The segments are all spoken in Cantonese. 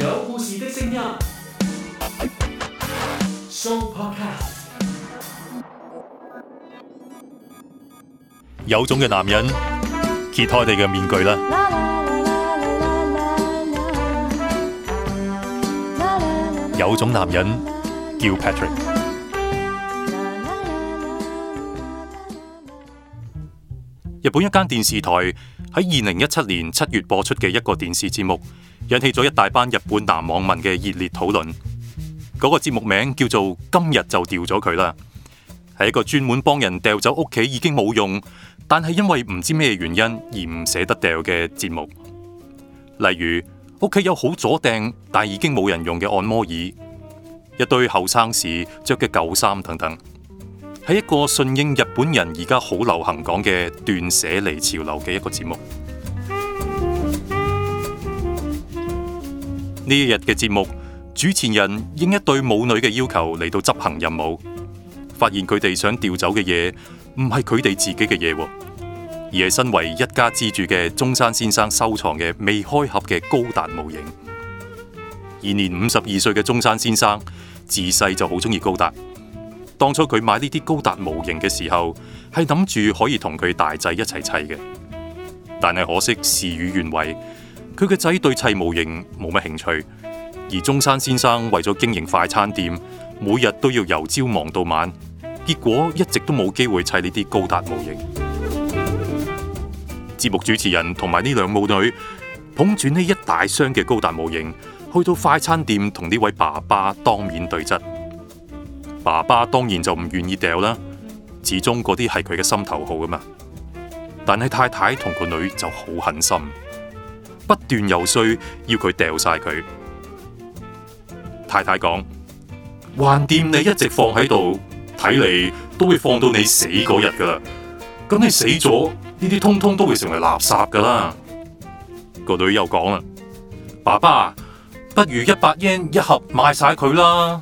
有故事的聲音 Show Podcast。有種嘅男人揭開你嘅面具啦 ！有種男人叫 Patrick。日本一間電視台喺二零一七年七月播出嘅一個電視節目。引起咗一大班日本男網民嘅熱烈討論。嗰個節目名叫做《今日就掉咗佢啦》，係一個專門幫人掉走屋企已經冇用，但係因為唔知咩原因而唔捨得掉嘅節目。例如屋企有好阻掟，但已經冇人用嘅按摩椅、一堆後生時着嘅舊衫等等，係一個順應日本人而家好流行講嘅斷捨離潮流嘅一個節目。呢一日嘅節目，主持人應一對母女嘅要求嚟到執行任務，發現佢哋想調走嘅嘢唔係佢哋自己嘅嘢，而係身為一家之主嘅中山先生收藏嘅未開盒嘅高達模型。現年五十二歲嘅中山先生自細就好中意高達，當初佢買呢啲高達模型嘅時候，係諗住可以同佢大仔一齊砌嘅，但係可惜事與願違。佢個仔對砌模型冇乜興趣，而中山先生為咗經營快餐店，每日都要由朝忙到晚，結果一直都冇機會砌呢啲高達模型。節 目主持人同埋呢兩母女捧住呢一大箱嘅高達模型，去到快餐店同呢位爸爸當面對質。爸爸當然就唔願意掉啦，始終嗰啲係佢嘅心頭好啊嘛。但係太太同個女就好狠心。不斷游說要佢掉晒佢。太太講，橫掂，你一直放喺度，睇嚟都會放到你死嗰日噶啦。咁你死咗呢啲，通通都會成為垃圾噶啦。個女又講啦，爸爸不如一百円一盒賣晒佢啦。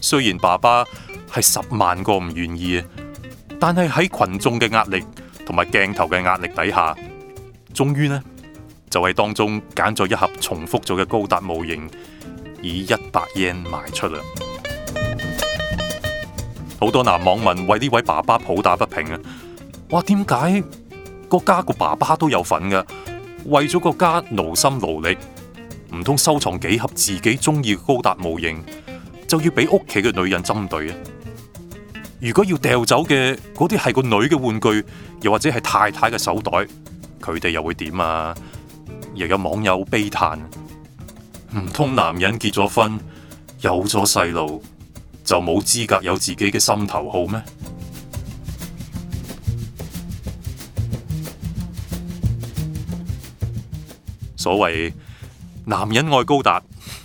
雖然爸爸係十萬個唔願意，但係喺群眾嘅壓力同埋鏡頭嘅壓力底下，終於呢。就喺、是、當中揀咗一盒重複咗嘅高達模型，以一百日圓賣出啊！好多男網民為呢位爸爸抱打不平啊！哇，點解個家個爸爸都有份噶？為咗個家勞心勞力，唔通收藏幾盒自己中意嘅高達模型，就要俾屋企嘅女人針對啊？如果要掉走嘅嗰啲係個女嘅玩具，又或者係太太嘅手袋，佢哋又會點啊？又有網友悲嘆：唔通男人結咗婚、有咗細路，就冇資格有自己嘅心頭好咩？所謂男人愛高達，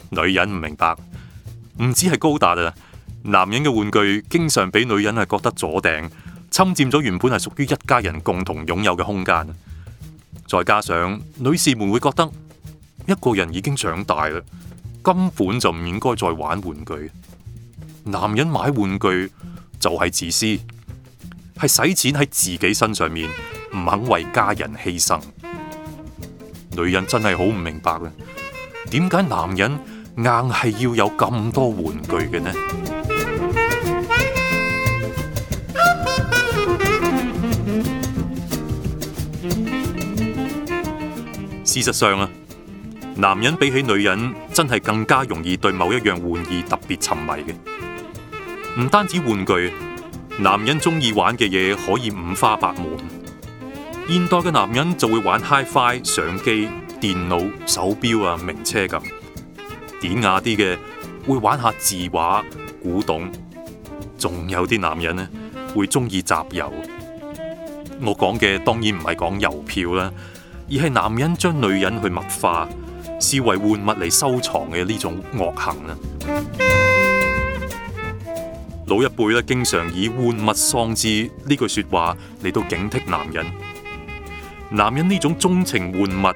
女人唔明白。唔止係高達啊，男人嘅玩具經常俾女人係覺得阻頂，侵占咗原本係屬於一家人共同擁有嘅空間。再加上女士們會覺得一個人已經長大啦，根本就唔應該再玩玩具。男人買玩具就係自私，係使錢喺自己身上面，唔肯為家人犧牲。女人真係好唔明白啦，點解男人硬係要有咁多玩具嘅呢？事實上啊，男人比起女人真係更加容易對某一樣玩意，特別沉迷嘅。唔單止玩具，男人鍾意玩嘅嘢可以五花八門。現代嘅男人就會玩 Hi-Fi、相機、電腦、手錶啊、名車咁。典雅啲嘅會玩下字畫、古董。仲有啲男人呢，會鍾意集郵。我講嘅當然唔係講郵票啦。而係男人將女人去物化，視為玩物嚟收藏嘅呢種惡行啊！老一輩咧，經常以玩物喪志呢句說話嚟到警惕男人。男人呢種鍾情玩物，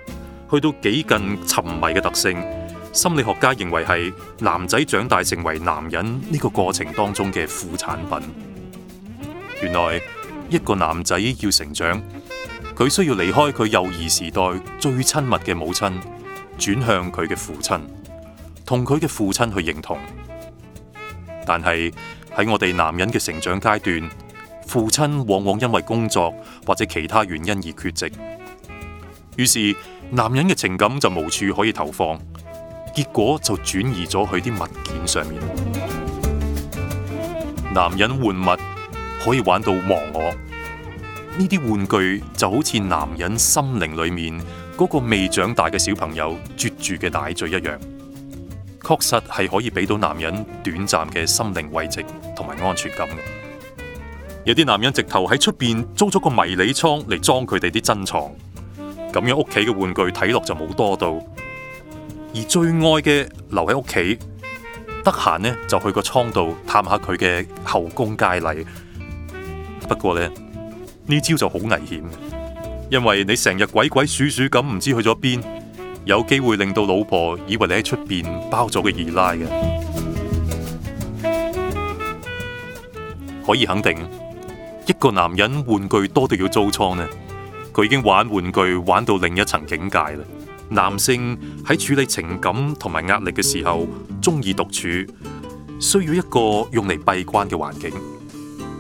去到幾近沉迷嘅特性，心理學家認為係男仔長大成為男人呢個過程當中嘅副產品。原來一個男仔要成長，佢需要離開佢幼兒時代最親密嘅母親，轉向佢嘅父親，同佢嘅父親去認同。但係喺我哋男人嘅成長階段，父親往往因為工作或者其他原因而缺席，於是男人嘅情感就無處可以投放，結果就轉移咗去啲物件上面。男人玩物可以玩到忘我。呢啲玩具就好似男人心靈裏面嗰個未長大嘅小朋友啜住嘅奶嘴一樣，確實係可以俾到男人短暫嘅心靈慰藉同埋安全感。有啲男人直頭喺出邊租咗個迷你倉嚟裝佢哋啲珍藏，咁樣屋企嘅玩具睇落就冇多到，而最愛嘅留喺屋企，得閒呢就去個倉度探下佢嘅後宮佳麗。不過呢。呢招就好危險，因為你成日鬼鬼祟祟咁唔知去咗邊，有機會令到老婆以為你喺出邊包咗個二奶嘅。可以肯定，一個男人玩具多到要租倉呢，佢已經玩玩具玩到另一層境界啦。男性喺處理情感同埋壓力嘅時候，中意獨處，需要一個用嚟閉關嘅環境，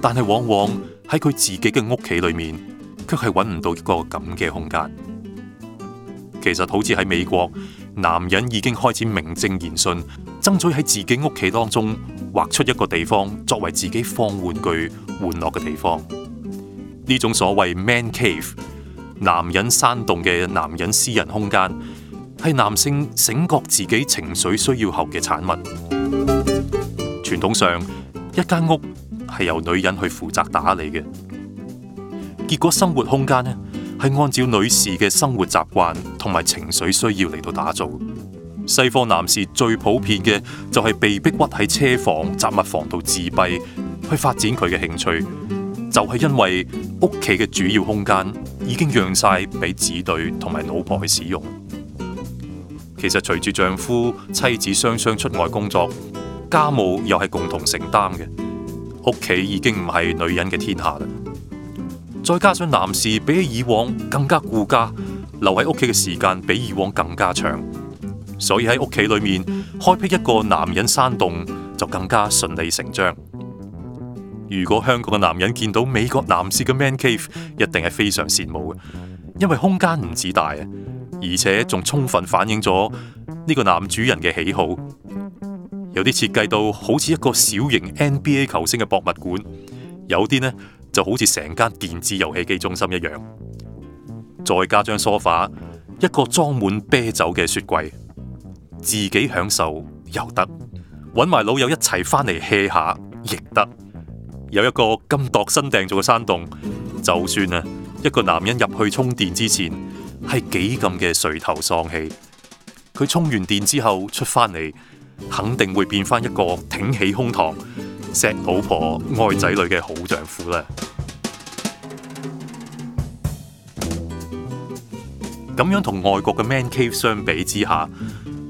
但係往往。喺佢自己嘅屋企裏面，卻係揾唔到一個咁嘅空間。其實好似喺美國，男人已經開始名正言順爭取喺自己屋企當中劃出一個地方，作為自己放玩具、玩樂嘅地方。呢種所謂 man cave，男人山洞嘅男人私人空間，係男性醒覺自己情緒需要後嘅產物。傳統上，一間屋。係由女人去負責打理嘅，結果生活空間呢，係按照女士嘅生活習慣同埋情緒需要嚟到打造。西方男士最普遍嘅就係被逼屈喺車房雜物房度自閉，去發展佢嘅興趣，就係因為屋企嘅主要空間已經讓晒俾子女同埋老婆去使用。其實隨住丈夫妻子雙雙出外工作，家務又係共同承擔嘅。屋企已經唔係女人嘅天下啦，再加上男士比起以往更加顧家，留喺屋企嘅時間比以往更加長，所以喺屋企裏面開闢一個男人山洞就更加順理成章。如果香港嘅男人見到美國男士嘅 man cave，一定係非常羨慕嘅，因為空間唔止大啊，而且仲充分反映咗呢個男主人嘅喜好。有啲設計到好似一個小型 NBA 球星嘅博物館，有啲呢就好似成間電子遊戲機中心一樣，再加張梳化，一個裝滿啤酒嘅雪櫃，自己享受又得，搵埋老友一齊翻嚟歇下亦得。有一個咁度身訂做嘅山洞，就算啊，一個男人入去充電之前係幾咁嘅垂頭喪氣，佢充完電之後出翻嚟，肯定會變翻一個挺起胸膛、錫老婆、愛仔女嘅好丈夫啦。咁樣同外國嘅 man cave 相比之下，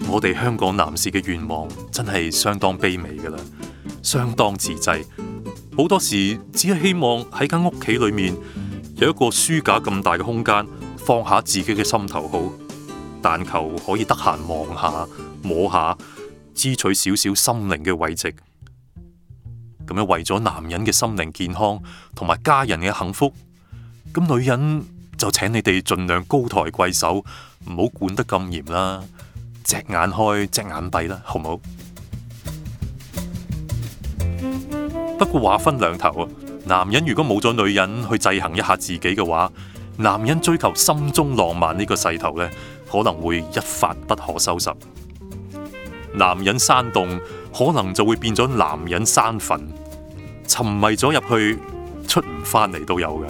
我哋香港男士嘅願望真係相當卑微㗎喇，相當自制。好多時只係希望喺間屋企裏面有一個書架咁大嘅空間，放下自己嘅心頭好，但求可以得閒望下摸下。支取少少心靈嘅慰藉，咁樣為咗男人嘅心靈健康同埋家人嘅幸福，咁女人就請你哋盡量高抬貴手，唔好管得咁嚴啦，隻眼開隻眼閉啦，好唔好？不過話分兩頭啊，男人如果冇咗女人去制衡一下自己嘅話，男人追求心中浪漫呢個勢頭呢，可能會一發不可收拾。男人山洞可能就會變咗男人山墳，沉迷咗入去出唔返嚟，都有嘅。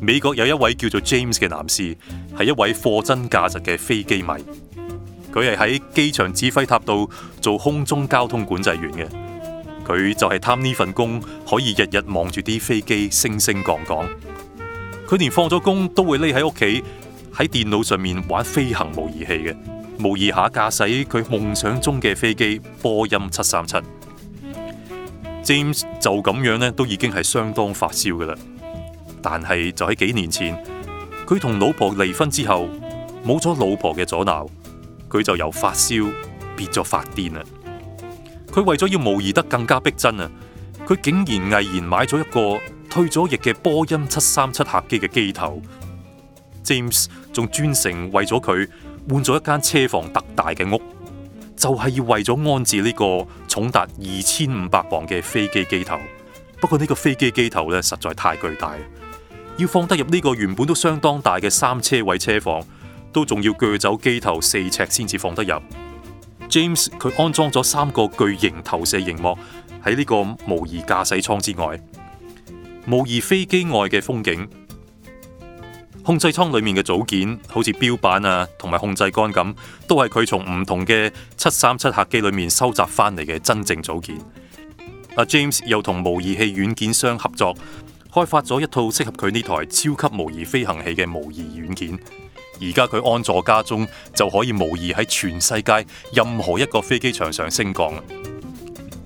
美國有一位叫做 James 嘅男士，係一位貨真價實嘅飛機迷。佢係喺機場指揮塔度做空中交通管制員嘅。佢就係貪呢份工，可以日日望住啲飛機升升降降。佢連放咗工都會匿喺屋企喺電腦上面玩飛行模擬器嘅。模擬下駕駛佢夢想中嘅飛機波音七三七，James 就咁樣咧，都已經係相當發燒噶啦。但係就喺幾年前，佢同老婆離婚之後，冇咗老婆嘅阻撓，佢就由發燒變咗發癲啦。佢為咗要模擬得更加逼真啊，佢竟然毅然買咗一個退咗役嘅波音七三七客機嘅機頭。James 仲專程為咗佢。換咗一間車房特大嘅屋，就係要為咗安置呢個重達二千五百磅嘅飛機機頭。不過呢個飛機機頭咧實在太巨大，要放得入呢個原本都相當大嘅三車位車房，都仲要鋸走機頭四尺先至放得入。James 佢安裝咗三個巨型投射熒幕喺呢個模擬駕駛艙之外，模擬飛機外嘅風景。控制艙裏面嘅組件，好似標板啊，同埋控制杆咁，都係佢從唔同嘅七三七客機裏面收集翻嚟嘅真正組件。阿 James 又同模擬器軟件商合作，開發咗一套適合佢呢台超級模擬飛行器嘅模擬軟件。而家佢安坐家中，就可以模擬喺全世界任何一個飛機場上升降。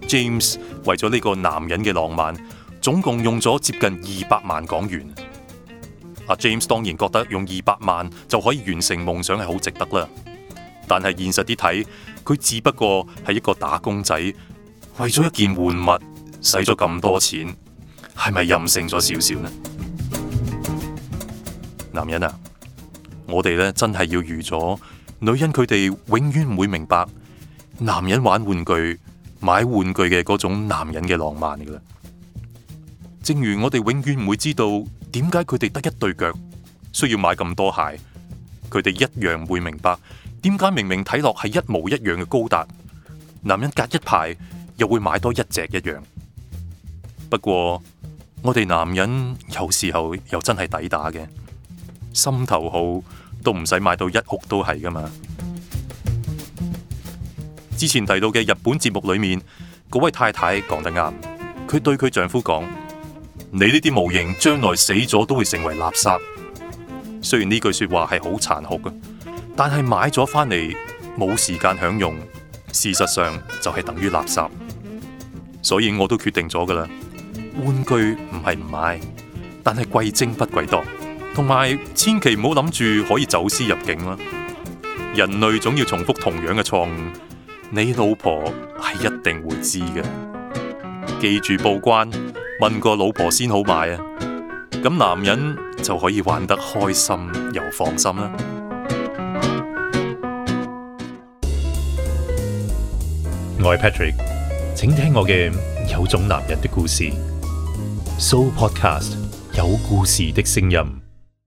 James 為咗呢個男人嘅浪漫，總共用咗接近二百萬港元。James 當然覺得用二百萬就可以完成夢想係好值得啦，但係現實啲睇，佢只不過係一個打工仔，為咗一件玩物使咗咁多錢，係咪任性咗少少呢？男人啊，我哋咧真係要預咗，女人佢哋永遠唔會明白，男人玩玩具、買玩具嘅嗰種男人嘅浪漫噶啦。正如我哋永遠唔會知道。點解佢哋得一對腳，需要買咁多鞋？佢哋一樣會明白，點解明明睇落係一模一樣嘅高達，男人隔一排又會買多一隻一樣。不過我哋男人有時候又真係抵打嘅，心頭好都唔使買到一屋都係噶嘛。之前提到嘅日本節目裏面，嗰位太太講得啱，佢對佢丈夫講。你呢啲模型將來死咗都會成為垃圾，雖然呢句說話係好殘酷噶，但係買咗翻嚟冇時間享用，事實上就係等於垃圾，所以我都決定咗噶啦。玩具唔係唔買，但係貴精不貴多，同埋千祈唔好諗住可以走私入境啦。人類總要重複同樣嘅錯誤，你老婆係一定會知嘅，記住報關。問過老婆先好買啊！咁男人就可以玩得開心又放心啦，啊。我係 Patrick，請聽我嘅有種男人的故事。So Podcast 有故事的聲音。